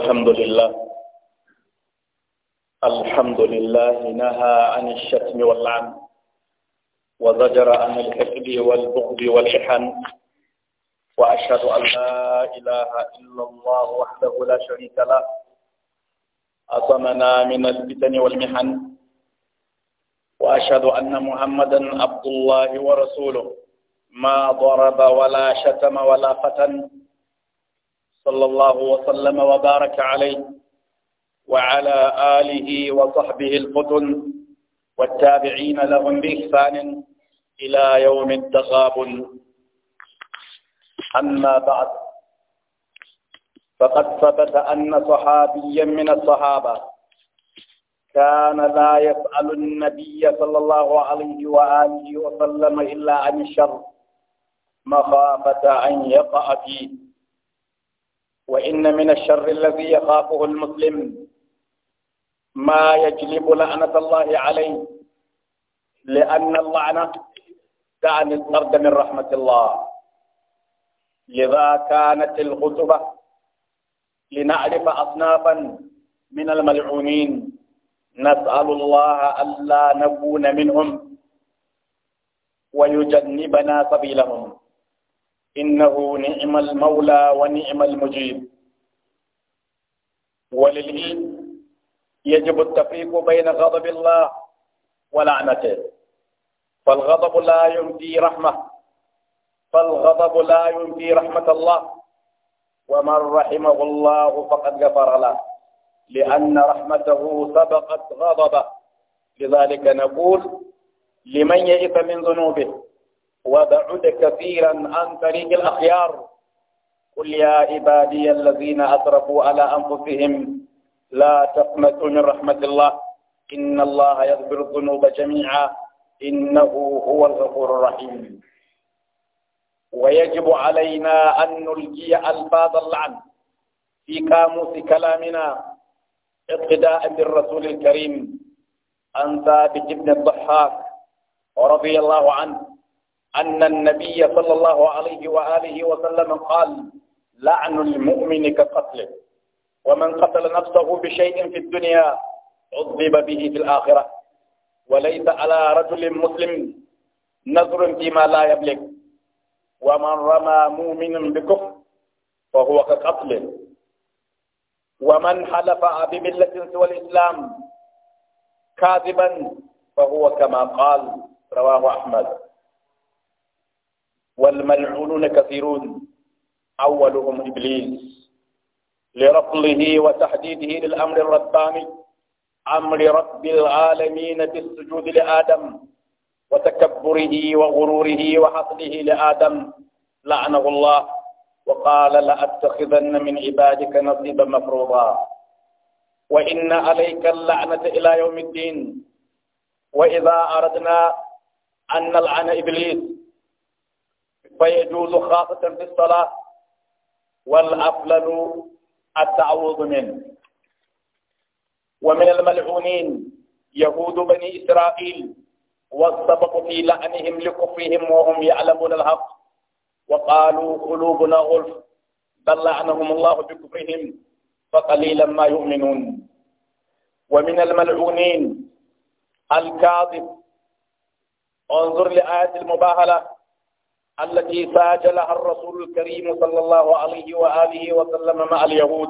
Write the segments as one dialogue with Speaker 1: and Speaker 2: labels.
Speaker 1: الحمد لله الحمد لله نهى عن الشتم واللعن وزجر عن الحقد والبغض والإحن وأشهد أن لا إله إلا الله وحده لا شريك له أصمنا من الفتن والمحن وأشهد أن محمدا عبد الله ورسوله ما ضرب ولا شتم ولا فتن صلى الله وسلم وبارك عليه وعلى آله وصحبه الفتن والتابعين لهم بإحسان إلى يوم التغاب أما بعد فقد ثبت أن صحابيا من الصحابة كان لا يسأل النبي صلى الله عليه وآله وسلم إلا عن الشر مخافة أن يقع فيه وإن من الشر الذي يخافه المسلم ما يجلب لعنة الله عليه لأن اللعنة تعني الطرد من رحمة الله لذا كانت الخطبة لنعرف أصنافا من الملعونين نسأل الله ألا نكون منهم ويجنبنا سبيلهم إنه نعم المولى ونعم المجيب وللعلم يجب التفريق بين غضب الله ولعنته فالغضب لا ينفي رحمة فالغضب لا ينفي رحمة الله ومن رحمه الله فقد غفر له لأن رحمته سبقت غضبه لذلك نقول لمن يئس من ذنوبه وبعد كثيرا عن طريق الأخيار قل يا عبادي الذين أسرفوا على أنفسهم لا تقنطوا من رحمة الله إن الله يغفر الذنوب جميعا إنه هو الغفور الرحيم ويجب علينا أن نلقي ألفاظ اللعن في قاموس كلامنا اقتداء بالرسول الكريم عن ثابت بن الضحاك رضي الله عنه أن النبي صلى الله عليه وآله وسلم قال لعن المؤمن كقتله ومن قتل نفسه بشيء في الدنيا عذب به في الآخرة وليس على رجل مسلم نظر فيما لا يملك ومن رمى مؤمن بكفر فهو كقتله ومن حلف بملة سوى الإسلام كاذبا فهو كما قال رواه أحمد والملعونون كثيرون أولهم إبليس لرفضه وتحديده للأمر الرباني أمر رب العالمين بالسجود لآدم وتكبره وغروره وحقده لآدم لعنه الله وقال لأتخذن من عبادك نصيبا مفروضا وإن عليك اللعنة إلى يوم الدين وإذا أردنا أن نلعن إبليس فيجوز خاصة في الصلاة والأفلل التعوض منه ومن الملعونين يهود بني إسرائيل والسبق في لعنهم لكفرهم وهم يعلمون الحق وقالوا قلوبنا غلف بل لعنهم الله بكفرهم فقليلا ما يؤمنون ومن الملعونين الكاذب انظر لآية المباهلة التي ساجلها الرسول الكريم صلى الله عليه وآله وسلم مع اليهود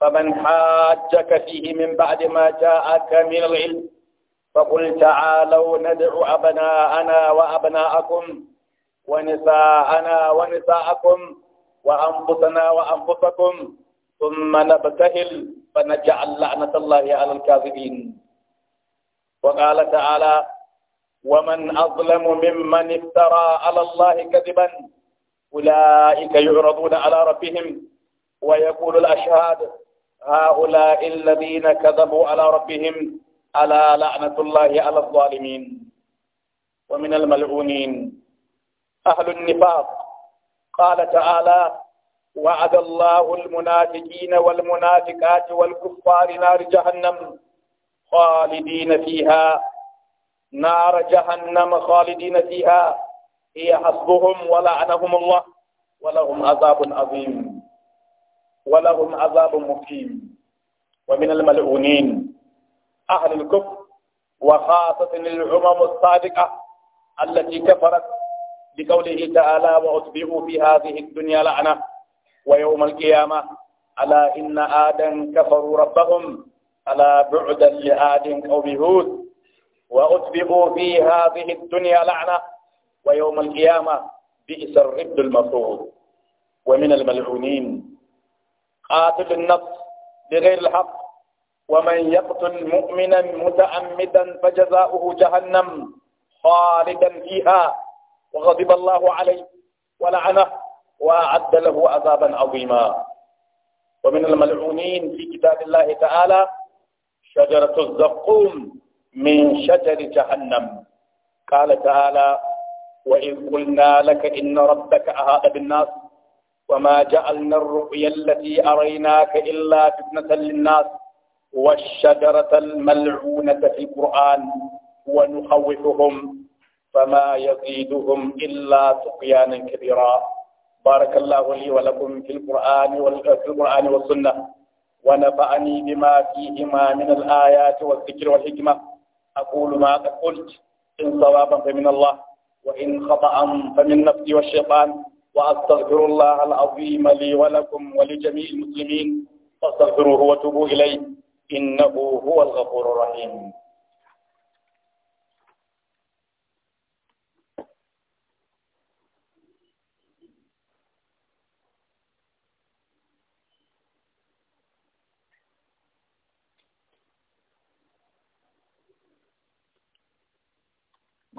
Speaker 1: فمن حاجك فيه من بعد ما جاءك من العلم فقل تعالوا ندع أبناءنا وأبناءكم ونساءنا ونساءكم وأنفسنا وأنفسكم ثم نبتهل فنجعل لعنة الله على الكاذبين وقال تعالى ومن أظلم ممن افترى على الله كذبا أولئك يعرضون على ربهم ويقول الأشهاد هؤلاء الذين كذبوا على ربهم ألا لعنة الله على الظالمين ومن الملعونين أهل النفاق قال تعالى وعد الله المنافقين والمنافقات والكفار نار جهنم خالدين فيها نار جهنم خالدين فيها هي حسبهم ولعنهم الله ولهم عذاب عظيم ولهم عذاب مقيم ومن الملعونين أهل الكفر وخاصة الأمم الصادقة التي كفرت بقوله تعالى وأتبعوا في هذه الدنيا لعنة ويوم القيامة ألا إن آدم كفروا ربهم ألا بعدا لآدم قوم هود وأتبعوا في هذه الدنيا لعنة ويوم القيامة بئس الرد المفروض ومن الملعونين قاتل النفس بغير الحق ومن يقتل مؤمنا متعمدا فجزاؤه جهنم خالدا فيها وغضب الله عليه ولعنه وأعد له عذابا عظيما ومن الملعونين في كتاب الله تعالى شجرة الزقوم من شجر جهنم قال تعالى وإذ قلنا لك إن ربك أهاد بالناس وما جعلنا الرؤيا التي أريناك إلا فتنة للناس والشجرة الملعونة في القرآن ونخوفهم فما يزيدهم إلا طغيانا كبيرا بارك الله لي ولكم في القرآن في القرآن والسنة ونفعني بما فيهما من الآيات والذكر والحكمة أقول ما قلت إن صوابا فمن الله وإن خطأ فمن نفسي والشيطان وأستغفر الله العظيم لي ولكم ولجميع المسلمين فاستغفروه وتوبوا إليه إنه هو الغفور الرحيم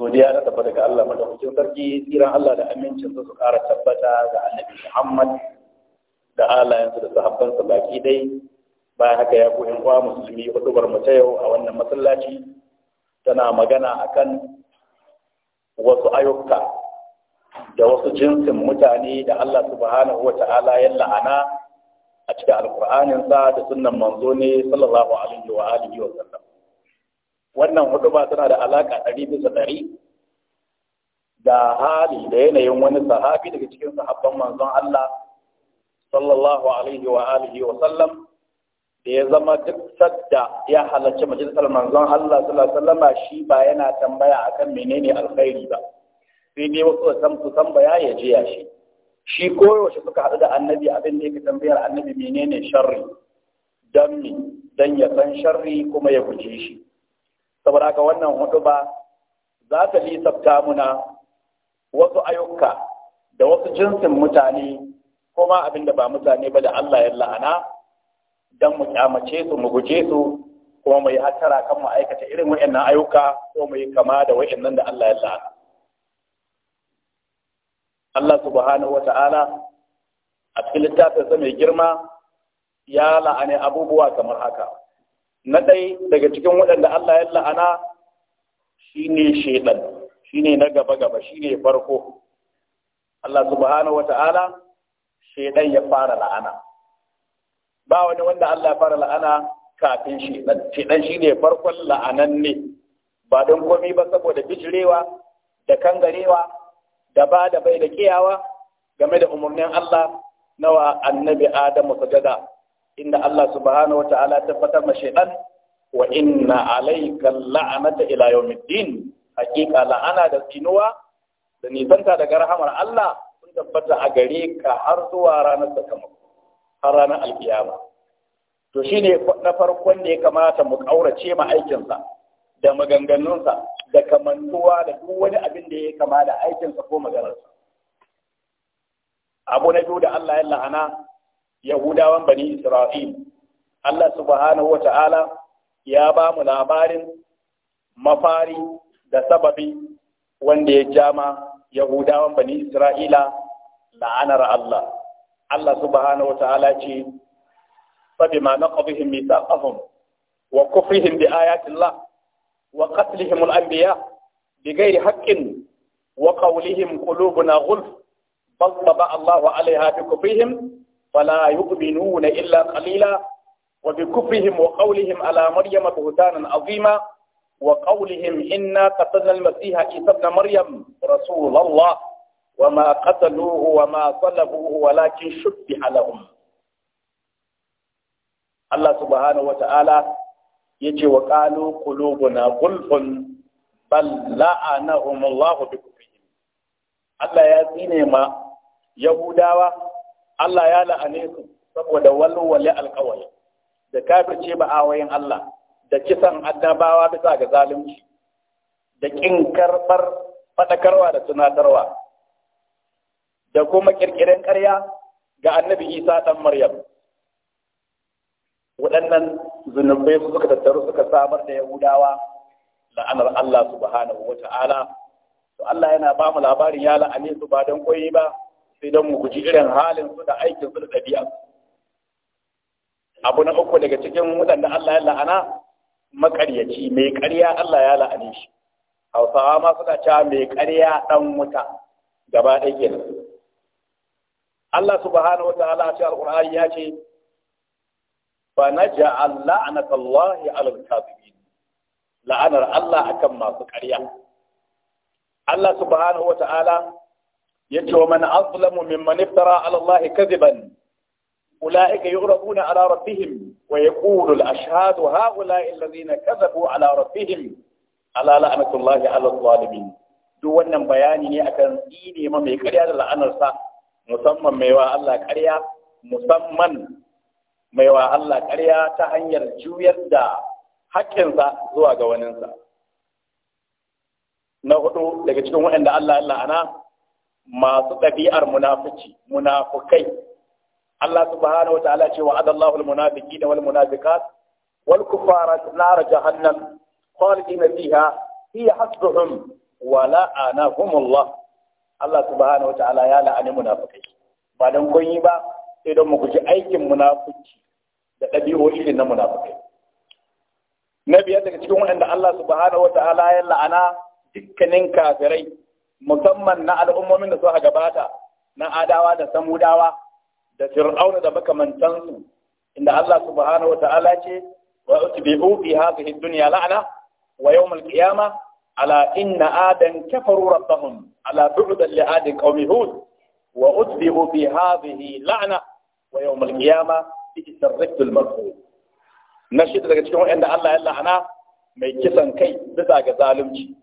Speaker 1: godiya na tabbata ga Allah madaukakin sarki tsiran Allah da amincin su su ƙara tabbata ga annabi Muhammad da alayensu da sahabbansa baki dai bayan haka ya koyi kwa musulmi bar mu ta yau a wannan masallaci tana magana akan wasu ayyuka da wasu jinsin mutane da Allah subhanahu wata'ala ya la'ana a cikin sa da sunnan manzo ne sallallahu alaihi wa alihi wa sallam wannan huduma suna da alaƙa ɗari bisa ɗari da hali da yanayin wani sahabi daga cikin sahabban manzon Allah sallallahu alaihi wa alihi wa sallam da ya zama duk sadda ya halarci majalisar manzon Allah sallallahu alaihi wasallama shi ba yana tambaya akan menene alkhairi ba sai dai wasu da san kusan baya ya jiya shi shi koyaushe suka haɗu da annabi abin da yake tambayar annabi menene sharri don mi don ya san sharri kuma ya guje shi saboda haka wannan hudu ba za ta lisafta muna wasu ayyuka da wasu jinsin mutane kuma abin da ba mutane ba da Allah ya la'ana don mu kyamace su mu guje su kuma mu yi hattara kan mu aikata irin wa'annan ayyuka ko mu yi kama da wa'annan da Allah ya la'ana Allah subhanahu wata'ala a cikin littafin sa mai girma ya la'ane abubuwa kamar haka na ɗai daga cikin waɗanda Allah ya la'ana shi ne shine shi ne na gaba gaba shi ne farko Allah subhanahu ta'ala shaitan ya fara la'ana ba wani wanda Allah ya fara la'ana kafin shaitan shi ne farkon la'anan ne ba don komi ba saboda bijirewa da kangarewa da ba da bai da kiyawa game da umarnin Allah nawa annabi Adamu sajada inda Allah subhanahu wa ta'ala tabbatar ma shaiɗan wa inna alayka la'anata ila yawmiddin hakika la'ana da tsinuwa da nisanta daga rahamar Allah sun tabbata a gare ka har zuwa ranar sakamako har ranar alkiyama to shine na farkon da ya kamata mu ƙaurace ma aikinsa da maganganunsa da kamantuwa da duk wani abin da ya kama da aikinsa ko maganarsa abu na biyu da Allah ya la'ana yahudawan bani isra'il Allah subhanahu wa ta'ala ya ba mu labarin mafari da sababi wanda ya jama yahudawan bani isra'ila la'anar Allah Allah subhanahu wa ta'ala ce فبما wa ميثاقهم وكفرهم بآيات الله وقتلهم wa بغير حق وقولهم قلوبنا ba Allah طبع الله عليها بكفرهم فلا يؤمنون إلا قليلا وبكفرهم وقولهم على مريم بهتانا عظيما وقولهم إنا قتلنا المسيح عيسى ابن مريم رسول الله وما قتلوه وما صلبوه ولكن شبه لهم الله سبحانه وتعالى يجي وقالوا قلوبنا غلف بل لعنهم الله بكفرهم الله يزيني ما يهوداوا Allah ya la'ane su saboda walwale alkawari da kafirce ba awayin Allah da kisan addabawa bisa ga zalunci da kin karbar fadakarwa da tunatarwa da kuma kirkiren ƙarya ga annabi Isa dan Maryam waɗannan zunubai su suka tattaru suka samar da Yahudawa la'anar Allah subhanahu wata'ala to Allah yana ba mu labarin ya la'ane su ba don koyi ba sai don mu guji irin halin su da aikin su da ɗabi'a abu na uku daga cikin waɗanda Allah ya la'ana makaryaci mai ƙarya Allah ya la'ane shi hausawa ma suna cewa mai ƙarya ɗan wuta gaba ɗaya Allah subhanahu wa ta'ala ce alqur'ani ya ce fa naj'al la'natallahi 'alal kafirin la'anar Allah akan masu ƙarya Allah subhanahu wa ta'ala yace wa man azlamu mimman iftara ala Allah kadiban ulaika yu'rabuna ala rabbihim wa yaqulu al-ashhadu haula'i alladhina kadhabu ala rabbihim ala la'natullahi ala duk wannan bayani ne akan tsine ma mai ƙarya da la'anarsa musamman mai wa Allah ƙarya musamman mai wa Allah ƙarya ta hanyar juyar da haƙƙinsa zuwa ga waninsa na hudu daga cikin waɗanda Allah ya la'ana masu ɗabi'ar munafici munafukai Allah subhanahu wataala ce wa adallahu da wal munafiqat wal kuffara nar jahannam khalidina fiha hiya hasbuhum wa la'anahum Allah Allah subhanahu wataala ya la'ani munafukai. ba dan kun yi ba sai don mu guji aikin munafici da ɗabi'o'i irin na munafukai. na biyar daga cikin waɗanda Allah subhanahu wataala ya la'ana dukkanin kafirai musamman na al'ummomin da suka gabata na adawa da samudawa da fir'auna da makamantansu inda Allah subhanahu wa ta'ala ce wa utbi'u fi hadhihi dunya wa yawm al ala inna adan kafaru rabbahum ala bu'dan li adin qaumi hud wa utbi'u fi wa yawm al-qiyamah bi'sa ar na shi daga cikin wanda Allah ya la'ana mai kisan kai bisa ga zalunci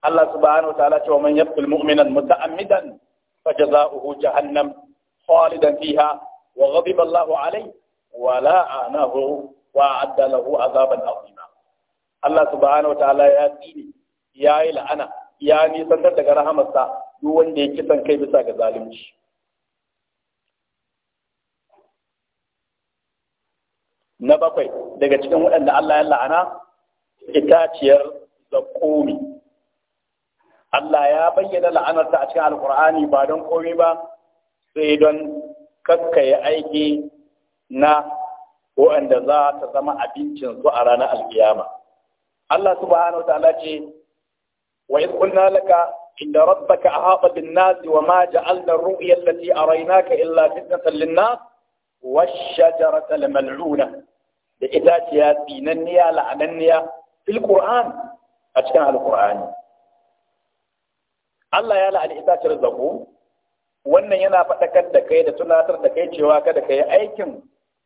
Speaker 1: Allah subhanahu ta'ala cewa man yaqtul mu'minan muta'ammidan fajaza'uhu jahannam khalidan fiha wa ghadiba Allah alayhi wa la'anahu wa adda lahu azaban azima Allah subhanahu ta'ala ya tsini ya yi la'ana ya nisantar daga rahamarsa duk wanda ya kisan kai bisa ga zalunci na bakwai daga cikin waɗanda Allah ya la'ana itaciyar zakomi Allah ya bayyana la'anarsa a cikin alkur'ani ba don komai ba sai don kakkaye aiki na waɗanda za ta zama abincin su a ranar alkiyama Allah subhanahu ta'ala ce wa iz qulna laka inda rabbaka ahata bin nas wa ma ja'alna ar-ru'ya allati araynaka illa fitnatan lin-nas wash-shajarata al-mal'una da itaciya tsinanniya la'ananniya fil qur'an a cikin alkur'ani Allah ya la'ani itacen zaƙo wannan yana faɗakar da kai da tunatar da kai cewa kada ka yi aikin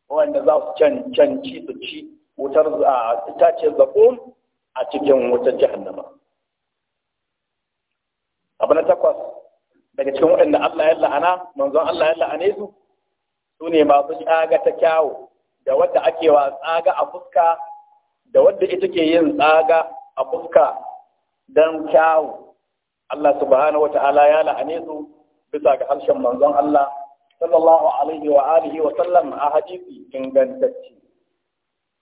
Speaker 1: wanda za su cancanci su ci wutar itacen zaƙo a cikin wutar jahannama abu na takwas daga cikin waɗanda Allah ya la'ana manzon Allah ya la'ane su su ne masu tsaga ta kyawu da wadda ake wa tsaga a fuska da wadda ita ke yin tsaga a fuska don kyawu Allah subhanahu ta'ala ya la'ane su bisa ga harshen manzon Allah sallallahu alaihi wa alihi wa sallam a hadisi ingantacce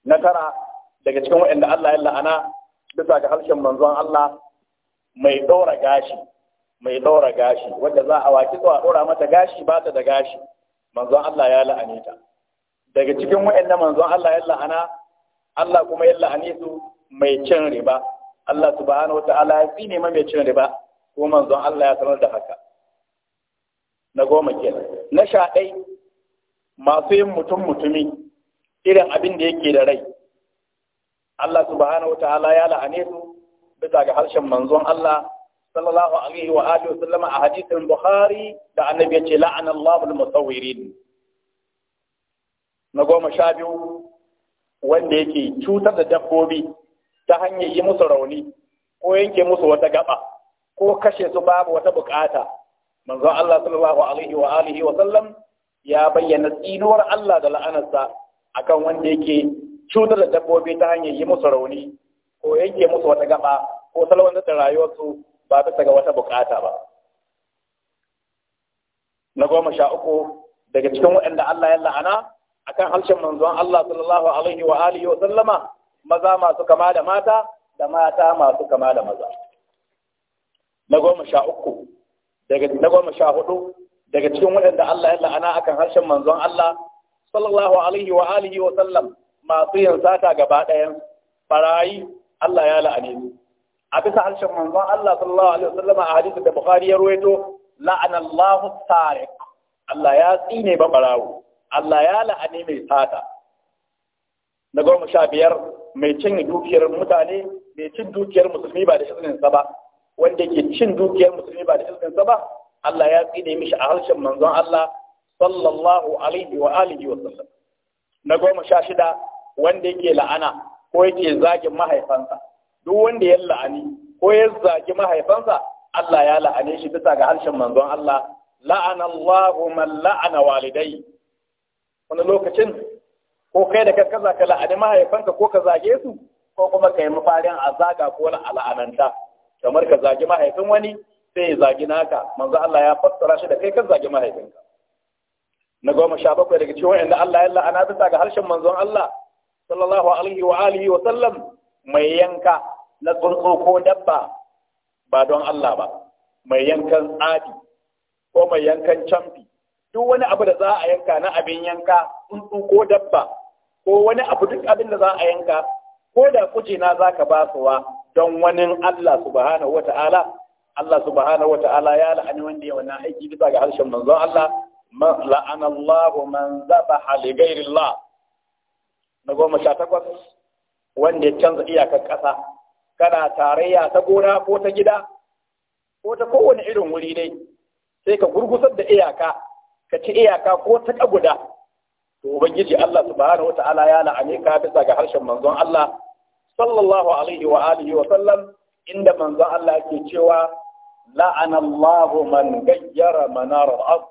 Speaker 1: na tara daga cikin waɗanda Allah ya la'ana bisa ga harshen manzon Allah mai ɗora gashi mai ɗora gashi wanda za a waki zuwa ɗora mata gashi ba ta da gashi manzon Allah ya la'ane ta daga cikin waɗanda manzon Allah ya la'ana Allah kuma ya la'ane su mai cin riba Allah subhanahu ta'ala ya tsine ma mai cin riba ko manzon Allah ya sanar da haka na goma kenan na sha ɗai masu yin mutum mutumi irin abin da yake da rai Allah subhanahu ta'ala ya la'ane su bisa ga harshen manzon Allah sallallahu alaihi wa alihi wa sallama a hadisin Bukhari da annabi yace ce la'ana Allahul musawwirin na goma sha biyu wanda yake cutar da dabbobi ta hanyar yi musu rauni ko yanke musu wata gaba ko kashe su babu wata bukata manzo Allah sallallahu alaihi wa alihi wa sallam ya bayyana tsinuwar Allah da la'anarsa akan wanda yake cutar da dabbobi ta hanyar yi musu rauni ko yanke musu wata gaba ko salwantar da rayuwarsu ba bisa ga wata bukata ba na goma sha uku daga cikin waɗanda Allah ya la'ana akan harshen manzon Allah sallallahu alaihi wa alihi wa sallama maza masu kama da mata da mata masu kama da maza na goma sha uku daga na goma sha hudu daga cikin waɗanda Allah ya la'ana akan harshen manzon Allah sallallahu alaihi wa alihi wa sallam masu yin sata gaba ɗayan farayi Allah ya la'ane su a bisa harshen manzon Allah sallallahu alaihi wa sallam a hadisi da Bukhari ya ruwaito la'ana Allahu tariq Allah ya tsine ba barawo Allah ya la'ane mai sata na goma sha biyar mai cin dukiyar mutane mai cin dukiyar musulmi ba da shirin sa ba wanda ke cin dukiyar musulmi ba da izininsa ba Allah ya tsine mishi a harshen manzon Allah sallallahu alaihi wa alihi wa sallam na goma sha shida wanda yake la'ana ko yake zagin mahaifansa duk wanda ya la'ani ko ya zagi mahaifansa Allah ya la'ane shi bisa ga harshen manzon Allah la'ana Allahu la'ana walidai wani lokacin ko kai da kanka ka la'ani mahaifanka ko ka zage su ko kuma kai mafarin a zaga ko la'ananta kamar ka zagi mahaifin wani sai ya zagi naka manzo Allah ya fassara shi da kai kan zagi mahaifinka na goma sha bakwai daga cikin inda Allah ya la'ana bisa ga harshen manzon Allah sallallahu alaihi wa alihi wa sallam mai yanka na tsuntsu ko dabba ba don Allah ba mai yankan tsadi ko mai yankan camfi duk wani abu da za a yanka na abin yanka tsuntsu ko dabba ko wani abu duk abin da za a yanka ko da kujina za ka ba suwa don wani Allah subhanahu wata'ala Allah subhanahu wata'ala ya la'ani wanda ya wannan aiki bisa ga harshen manzon Allah la'ana Allah man zabaha li ghairi na goma sha takwas
Speaker 2: wanda ya canza iyakar
Speaker 1: ƙasa kana tarayya ta gona ko ta gida ko ta kowane irin wuri ne. sai ka gurgusar da iyaka ka ci iyaka ko ta guda. to ubangiji Allah subhanahu wata'ala ya la'ani ka bisa ga harshen manzon Allah sallallahu alaihi wa alihi wa sallam inda manzo Allah yake cewa la'ana Allahu man gayyara manar al-ard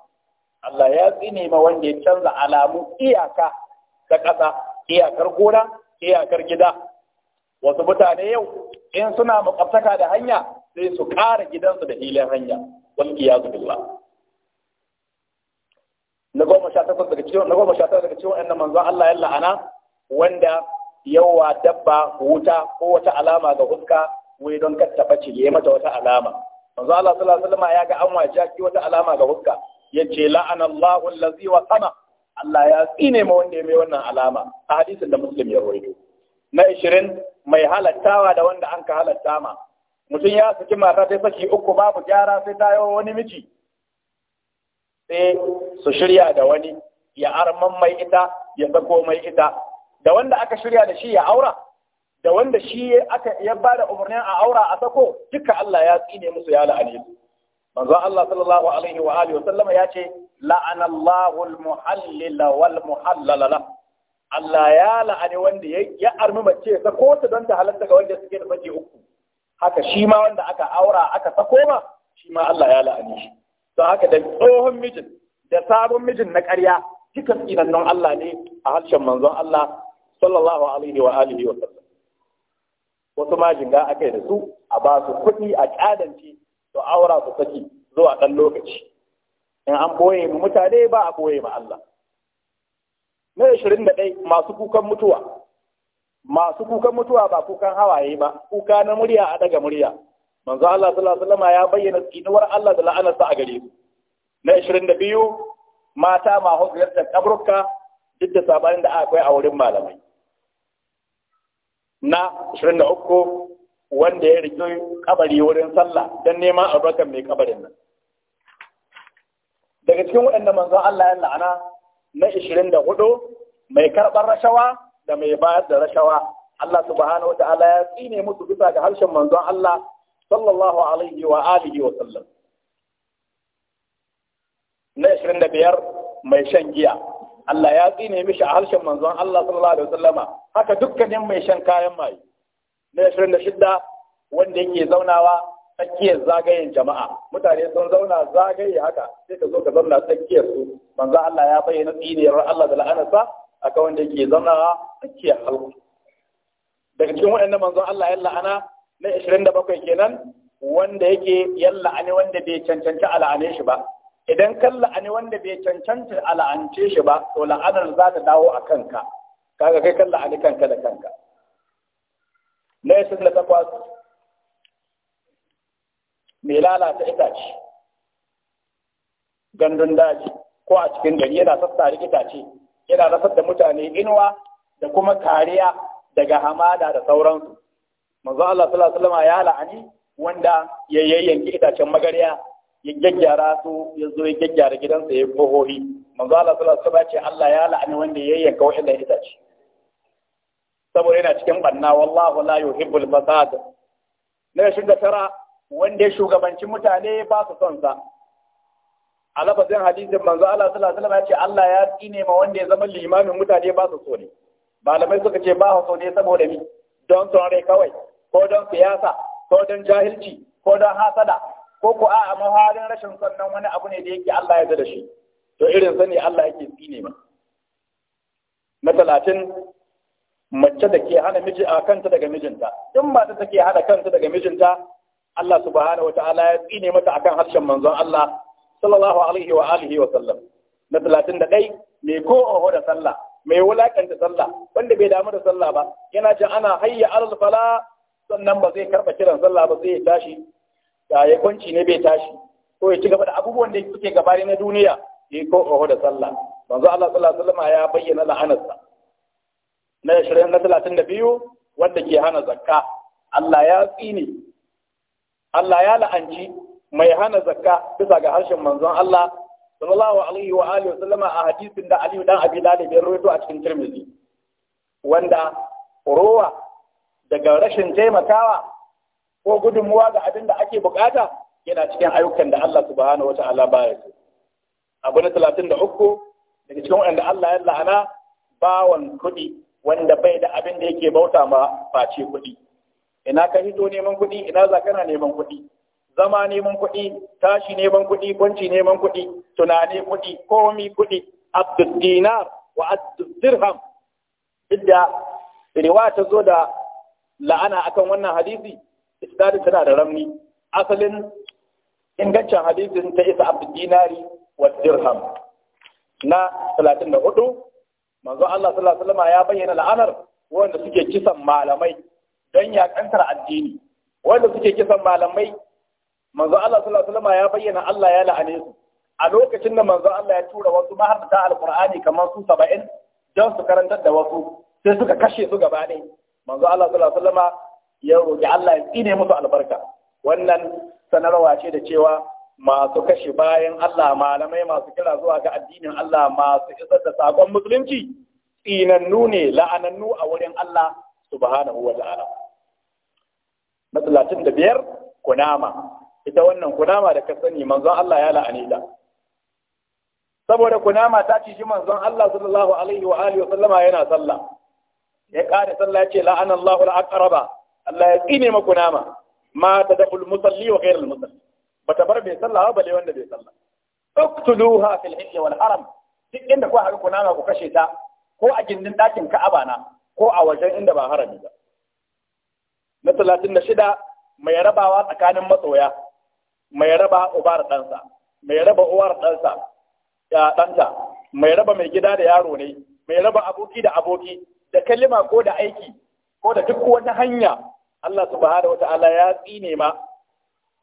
Speaker 1: Allah ya tsine ma wanda ya canza alamu iyaka ta ƙasa iyakar gona iyakar gida wasu mutane yau in suna makwabtaka da hanya sai su ƙara gidansu da hilin hanya wal iyazu billah na goma sha takwas daga cikin na goma sha takwas daga cikin wannan manzo Allah ya la'ana wanda yawa dabba wuta ko wata alama ga huska wai don kar ta bace ya mata wata alama manzo Allah sallallahu alaihi wasallam ya ga an waje ki wata alama ga huska yace la'ana Allahu allazi wa sama Allah ya tsine ma wanda ya mai wannan alama a hadisin da Muslim ya rawaito na 20 mai halattawa da wanda an ka halatta ma mutum ya saki mata sai saki uku babu gyara sai ta yawo wani miji sai su shirya da wani ya arman mai ita ya sako mai ita da wanda aka shirya da shi ya aura da wanda shi aka ya ba da umarnin a aura a sako duka Allah ya tsine musu ya la'ani su manzo Allah sallallahu alaihi wa alihi wa sallama ya ce la'ana Allahu al wal muhallala Allah ya la'ani wanda ya armi mace sako ta don ta halatta ga wanda suke da mace uku haka shi ma wanda aka aura aka sako ma shi ma Allah ya la'ani shi don haka da tsohon mijin da sabon mijin na ƙarya duka tsinannon Allah ne a harshen manzon Allah sallallahu alaihi wa alihi wa sallam wasu majinga aka yi da su a ba su kuɗi a ƙadanci to aura su saki zuwa ɗan lokaci in an boye mu mutane ba a boye mu Allah na 21 masu kukan mutuwa masu kukan mutuwa ba kukan hawaye ba kuka na murya a daga murya manzo Allah sallallahu alaihi ya bayyana tsinuwar Allah da la'anarsa a gare su na 22 mata ma hoziyar da kaburka duk da sabanin da akwai a wurin malamai na 23 wanda ya rike kabari wurin sallah don neman albarkar mai kabarin nan daga cikin waɗanda manzo Allah ya la'ana na 24 mai karɓar rashawa da mai bayar da rashawa Allah subhanahu wa ta'ala ya tsine musu bisa ga harshen manzo Allah sallallahu alaihi wa alihi wa sallam na 25 mai shan giya Allah ya tsine mishi a harshen manzon Allah sallallahu alaihi wasallama haka dukkanin mai shan kayan maye na 26 wanda yake zaunawa tsakiyar zagayen jama'a mutane sun zauna zagaye haka sai ka zo ka zauna tsakiyar su manzo Allah ya bayyana ran Allah da la'anarsa akan wanda yake zaunawa tsakiyar halku daga cikin waɗannan manzon Allah ya la'ana na 27 kenan wanda yake yalla ani wanda bai cancanci al'ane shi ba idan kan ne wanda bai cancanta a la'ance shi ba to la'anar za ta dawo a kanka kaga kai kan la'ani kanka da kanka na yi sun da kwasu mai lalata itace gandun daji ko a cikin gari yana sassare itace yana rasar da mutane inuwa da kuma kariya daga hamada da sauransu manzo Allah sallallahu alaihi wasallam ya la'ani wanda ya yayyanki itacen magarya ya gyaggyara su ya zo ya gyaggyara gidansa ya kohohi manzo Allah sallallahu alaihi wasallam ce Allah ya la'ani wanda ya yanka wa'anda ita ce saboda yana cikin banna wallahu la yuhibbul fasad na shi da tara wanda shugabancin mutane ba su son sa a lafazin hadisin manzo Allah sallallahu alaihi wasallam ya ce Allah ya tsine ma wanda ya zama limamin mutane ba su so ne malamai suka ce ba su so ne saboda ni don tsare kawai ko don siyasa ko don jahilci ko don hasada ko ko a mahalin rashin sannan wani abu ne da yake Allah ya da shi to irin sani Allah yake tsine ma na talatin mace da ke hana miji a kanta daga mijinta in mata take hana kanta daga mijinta Allah subhanahu wa ta'ala ya tsine mata akan harshen manzon Allah sallallahu alaihi wa alihi wa sallam na talatin da ɗai mai ko oho da sallah mai wulakanta sallah wanda bai damu da sallah ba yana jin ana hayya alal fala sannan ba zai karɓa kiran sallah ba zai tashi da ya kwanci ne bai tashi ko ya ci gaba da abubuwan da suke gaba na duniya ya ko oho da sallah manzo Allah sallallahu alaihi wasallam ya bayyana la'anarsa na shirin na 32 wanda ke hana zakka Allah ya tsine Allah ya la'anci mai hana zakka bisa ga harshen manzon Allah sallallahu alaihi wa alihi wasallama a hadisin da Aliyu dan Abi Talib ya rawaito a cikin Tirmidhi wanda rowa daga rashin taimakawa ko gudunmuwa ga abin da ake bukata yana cikin ayyukan da Allah subhanahu wa ta'ala baya ya abu na talatin uku, daga cikin wanda Allah ya la'ana bawan kuɗi wanda bai da abin da yake bauta ma face kuɗi ina ka hito neman kuɗi ina za kana neman kuɗi zama neman kuɗi tashi neman kuɗi kwanci neman kuɗi tunani kuɗi komi kuɗi abdul dinar wa abdul dirham duk riwaya ta zo da la'ana akan wannan hadisi isnadi tana da ramni asalin ingancin hadisin ta isa abu dinari wa dirham na 34 manzo Allah sallallahu alaihi ya bayyana la'anar wanda suke kisan malamai don kantar addini wanda suke kisan malamai manzo Allah sallallahu alaihi ya bayyana Allah ya la'ane su a lokacin da manzo Allah ya tura wasu maharta alqur'ani kamar su 70 don su karantar da wasu sai suka kashe su gaba ɗaya manzo Allah sallallahu alaihi ya roƙi Allah ya tsine musu albarka wannan sanarwa ce da cewa masu kashe bayan Allah malamai masu kira zuwa ga addinin Allah masu isar da sakon musulunci tsinannu ne la'anannu a wurin Allah subhanahu wa ta'ala na talatin da biyar kunama ita wannan kunama da ka sani manzon Allah ya la'ani ta saboda kunama ta ci shi manzon Allah sallallahu alaihi wa alihi wa sallama yana sallah ya ƙara sallah ya ce la'ana Allahu al-aqraba Allah ya tsine maku nama ma ta daful musalli wa bata bar bai sallah ba ne wanda bai sallah uktuluha fil hilli wal haram duk inda ku haru kunama ku kashe ta ko a gindin dakin ka abana, ko a wajen inda ba harami ba na shida, mai rabawa tsakanin matsoya mai raba ubar ɗansa mai raba uwar ɗansa ya ɗanta mai raba mai gida da yaro ne mai raba aboki da aboki da kalima ko da aiki ko da duk wata hanya Allah subhanahu wata'ala ya tsine ma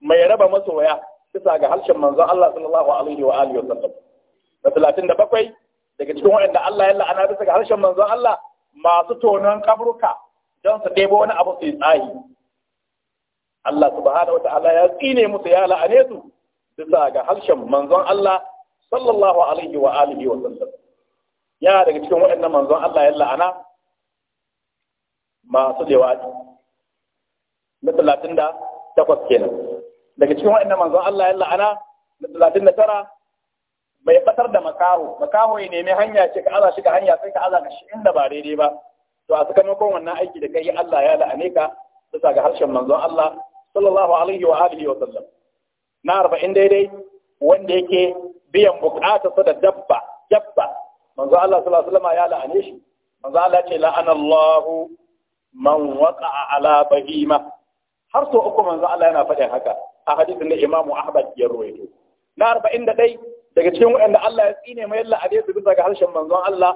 Speaker 1: mai raba masoya bisa ga harshen manzon Allah sallallahu alaihi wa alihi wasallam da talatin da bakwai daga cikin waɗanda Allah ya la'ana bisa ga harshen manzon Allah masu tonon kaburka don su ɗebo wani abu su yi tsayi Allah subhanahu wata'ala ya tsine musu ya la'ane su bisa ga harshen manzon Allah sallallahu alaihi wa alihi wa sallam yana daga cikin waɗanda manzon Allah ya la'ana masu lewati na talatin da takwas kenan daga cikin waɗannan manzon Allah ya la'ana na talatin da tara bai batar da makaho makaho ya nemi hanya ce ka aza shi ka hanya sai ka aza ka shi inda ba daidai ba to a sakamakon wannan aiki da kai Allah ya la'ane ka bisa ga harshen manzon Allah sallallahu alaihi wa alihi wa sallam na arba'in daidai wanda yake biyan bukata su da dabba dabba manzo Allah sallallahu alaihi wa sallam ya la'ane shi manzo Allah ce la'ana Allahu man waqa'a ala bahima har so uku manzo Allah yana faɗin haka a hadisin da Imam Ahmad ya rawaito na 41 daga cikin waɗanda Allah ya tsine mai yalla a su bisa ga harshen manzon Allah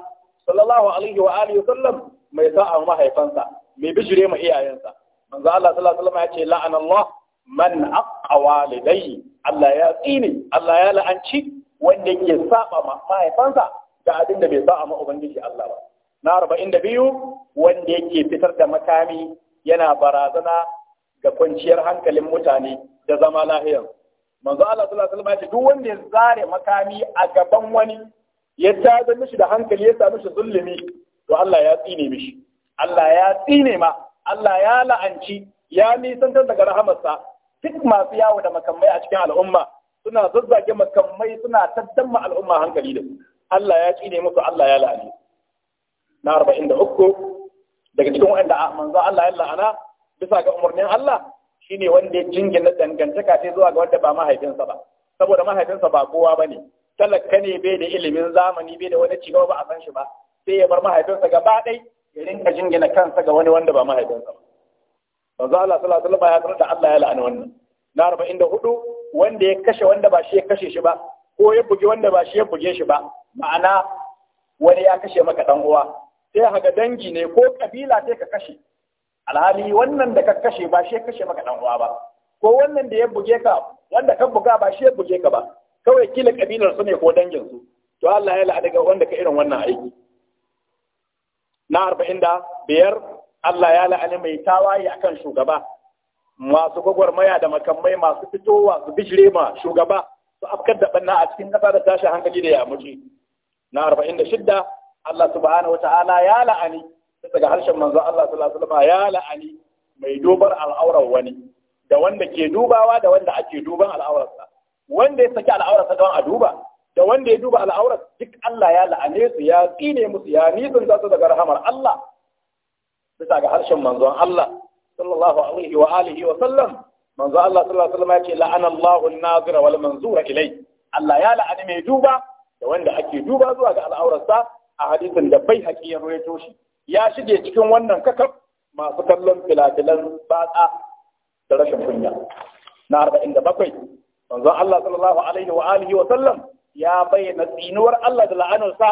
Speaker 1: sallallahu alaihi wa alihi sallam mai sa'a mahaifansa mai bijire ma iyayensa manzo Allah sallallahu alaihi wa ya ce la'ana Allah man aqqa walidayhi Allah ya tsine Allah ya la'anci wanda yake saba ma mahaifansa ga abin da bai sa'a ma ubangiji Allah ba na 42 wanda yake fitar da makami yana barazana ga kwanciyar hankalin mutane da zama lahiyar manzo Allah sallallahu alaihi wasallam duk wanda ya zare makami a gaban wani ya tada mishi da hankali ya samu shi zulumi to Allah ya tsine mishi Allah ya tsine ma Allah ya la'anci ya nisantar daga rahamarsa duk masu yawo da makamai a cikin al'umma suna zazzage makamai suna tattamma al'umma hankali da su Allah ya tsine musu Allah ya la'anci. na 43 daga cikin wanda manzo Allah ya la'ana bisa ga umarnin Allah shine wanda ya jingina dangantaka sai zuwa ga wanda ba mahaifinsa ba saboda mahaifinsa ba kowa ba ne talaka ne bai da ilimin zamani bai da wani cigaba ba a san shi ba sai ya bar mahaifinsa gaba ɗai ya rinka jingina kansa ga wani wanda ba mahaifinsa ba manzo Allah sallallahu alaihi wasallam ya sanar da Allah ya la'ana wannan na hudu wanda ya kashe wanda ba shi ya kashe shi ba ko ya buge wanda ba shi ya buge shi ba ma'ana wani ya kashe maka dan uwa sai haka dangi ne ko kabila sai ka kashe alhali wannan da ka kashe ba shi kashe maka dan uwa ba ko wannan da ya buge ka wanda ka buga ba shi ya buge ka ba kawai kila kabilar su ne ko dangin su to Allah ya la'ada wanda ka irin wannan aiki na arba'in da biyar Allah ya la'ani mai tawaye akan shugaba masu gwagwarmaya da makamai masu fitowa su bishire ma shugaba su afkar da banna a cikin kasa da tashin hankali da yamuci na arba'in da shidda Allah subhanahu wa ta'ala ya la'ani daga harshen manzo Allah sallallahu alaihi wasallam ya la'ani mai dubar al'auran wani da wanda ke dubawa da wanda ake duban al'aurarsa wanda ya saki al'aurarsa don a duba da wanda ya duba al'aurar duk Allah ya la'ane su ya tsine musu ya nisan za su daga rahamar Allah bisa ga harshen manzon Allah sallallahu alaihi wa alihi wa sallam manzo Allah sallallahu alaihi wa ya ce la'ana Allahu an-nazira wal manzura ilai Allah ya la'ani mai duba da wanda ake duba zuwa ga al'aurarsa a hadisin da bai haƙi ya rawaito shi ya shige cikin wannan kakaf masu kallon filafilan batsa da rashin kunya na arba'in da bakwai manzon Allah sallallahu alaihi wa alihi wa sallam ya bayyana tsinuwar Allah da la'anarsa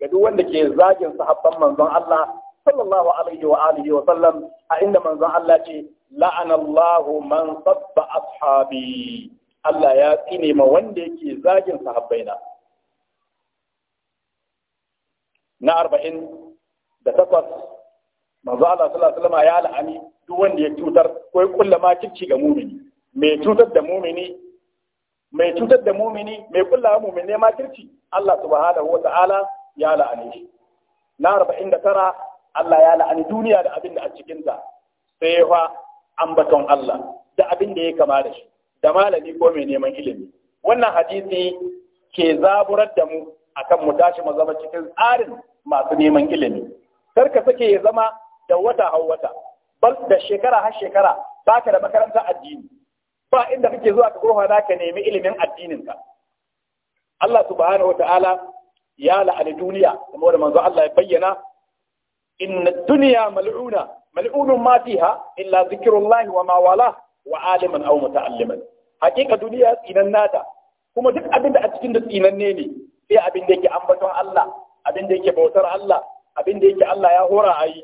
Speaker 1: ga duk wanda ke zagin sahabban manzon Allah sallallahu alaihi wa alihi wa sallam a inda manzon Allah ce la'anallahu man sabba ashabi Allah ya tsine ma wanda yake zagin sahabbaina na arba'in da takwas manzo Allah sallallahu alaihi wasallam ya la'ani duk wanda ya cutar ko ya kulla makirci ga mumini mai cutar da mumini mai cutar da mumini mai kulla mumini ne makirci Allah subhanahu wa ta'ala ya la'ani shi na 49 Allah ya la'ani duniya da abin da a cikin ta sai fa ambaton Allah da abin da ya kama da shi da malami ko mai neman ilimi wannan hadisi ke zaburar da mu akan mu tashi mu zama cikin tsarin masu neman ilimi kar ka sake ya zama da wata hau wata bal da shekara har shekara baka da makaranta addini ba inda kake zuwa ka gurfa ka nemi ilimin addinin ka Allah subhanahu Ta'ala ya la'ani duniya Kuma da manzo Allah ya bayyana inna dunya mal'una mal'unun ma fiha illa zikrullahi wa ma wala wa aliman aw muta'alliman hakika duniya tsinan nata kuma duk abin da a cikin da tsinanne ne sai abin da yake ambaton Allah abin da yake bautar Allah abin da yake Allah ya hora a yi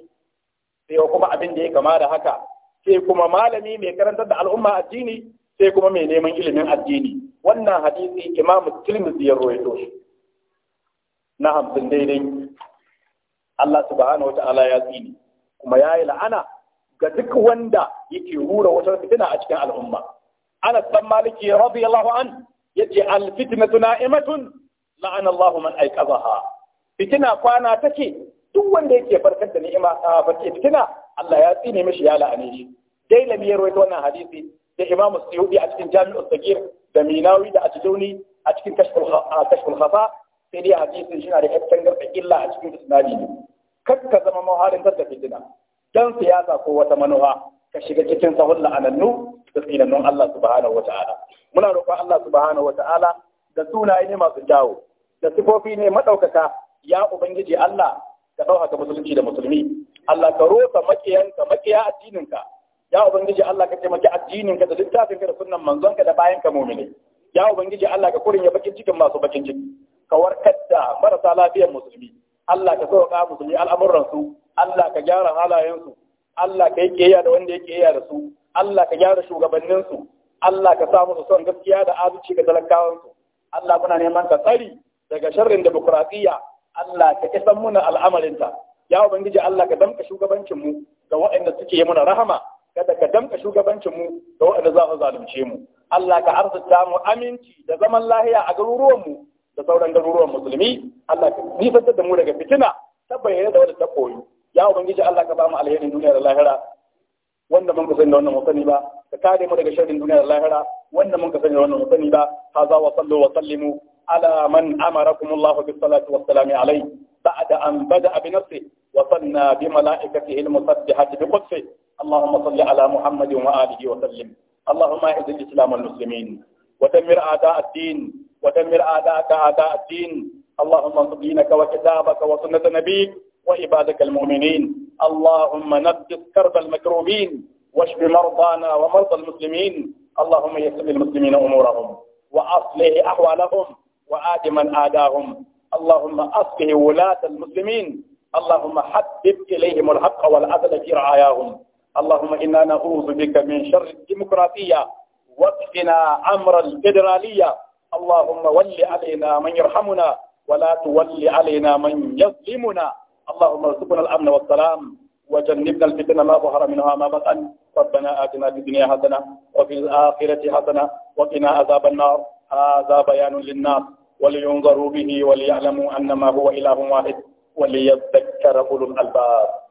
Speaker 1: sai kuma abin da ya kama da haka sai kuma malami mai karantar da al'umma addini sai kuma mai neman ilimin addini wannan hadisi imam tirmidhi ya rawaito shi na hamsin daidai Allah subhanahu wata'ala ya tsini kuma ya yi la'ana ga duk wanda yake rura wata fitina a cikin al'umma Anas dan Maliki radiyallahu an yace al fitnatu na'imatun la'ana Allah man aiqazaha fitina kwana take duk wanda yake farkar da ni'ima a farke fitina Allah ya tsine mishi ya la'ane shi dai lam ya rawaito wannan hadisi da Imam Suyuti a cikin Jami'ul Sagir da Minawi da Ajluni a cikin Kashful Khafa sai dai hadisin shi na da yakkan garba illa a cikin isnadi ne kar ka zama mahalin da fitina dan siyasa ko wata manufa ka shiga cikin sahun la'anannu da tsinannun Allah subhanahu wa ta'ala muna roƙon Allah subhanahu wa ta'ala da sunaye ne masu jawo da sifofi ne maɗaukaka ya ubangiji Allah ka ka musulunci da musulmi Allah ka rosa makiyanka makiya addininka ya ubangiji Allah ka taimaki addininka da littafinka da sunnan manzonka da bayan ka mu'mini ya ubangiji Allah ka kurin ya bakin cikin masu bakin ciki ka warkar da marasa lafiyar musulmi Allah ka sauka musulmi al'amuransu Allah ka gyara halayensu Allah ka yi kiyaya da wanda ya kiyaya da su Allah ka gyara shugabannin su Allah ka samu su son gaskiya da azuci ga talakawansu Allah muna neman ka tsari daga sharrin demokradiyya Allah ka isan muna al'amarinta ya ubangiji Allah ka damka shugabancin mu ga waɗanda suke yi muna rahama kada ka damka shugabancin mu ga waɗanda za su zalunce mu Allah ka arzuta mu aminci da zaman lahiya a garuruwan mu da sauran garuruwan musulmi Allah ka nisantar da mu daga fitina ta bayyana da wadda ta koyi ya ubangiji Allah ka ba mu alherin duniya da lahira wanda mun kasance da wannan mu sani ba ka kare mu daga sharrin duniya da lahira wanda mun kasance da wannan mu sani ba za wa sallu wa sallimu على من أمركم الله بالصلاة والسلام عليه بعد أن بدأ بنفسه وصلنا بملائكته المسبحة بقدسه اللهم صل على محمد وآله وسلم اللهم أعز الإسلام والمسلمين ودمر أعداء الدين ودمر أعداءك أعداء الدين اللهم انصر دينك وكتابك وسنة نبيك وعبادك المؤمنين اللهم نقص كرب المكروبين واشف مرضانا ومرضى المسلمين اللهم يسر المسلمين أمورهم وأصلح أحوالهم وآت من آداهم اللهم أصله ولاة المسلمين اللهم حبب إليهم الحق والعدل في رعاياهم اللهم إنا نعوذ بك من شر الديمقراطية وقنا أمر الفدرالية اللهم ول علينا من يرحمنا ولا تول علينا من يظلمنا اللهم ارزقنا الأمن والسلام وجنبنا الفتن ما ظهر منها ما بطن ربنا آتنا في الدنيا حسنة وفي الآخرة حسنة وقنا عذاب النار هذا بيان للناس ولينظروا به وليعلموا أنما هو إله واحد وليذكر أولو الألباب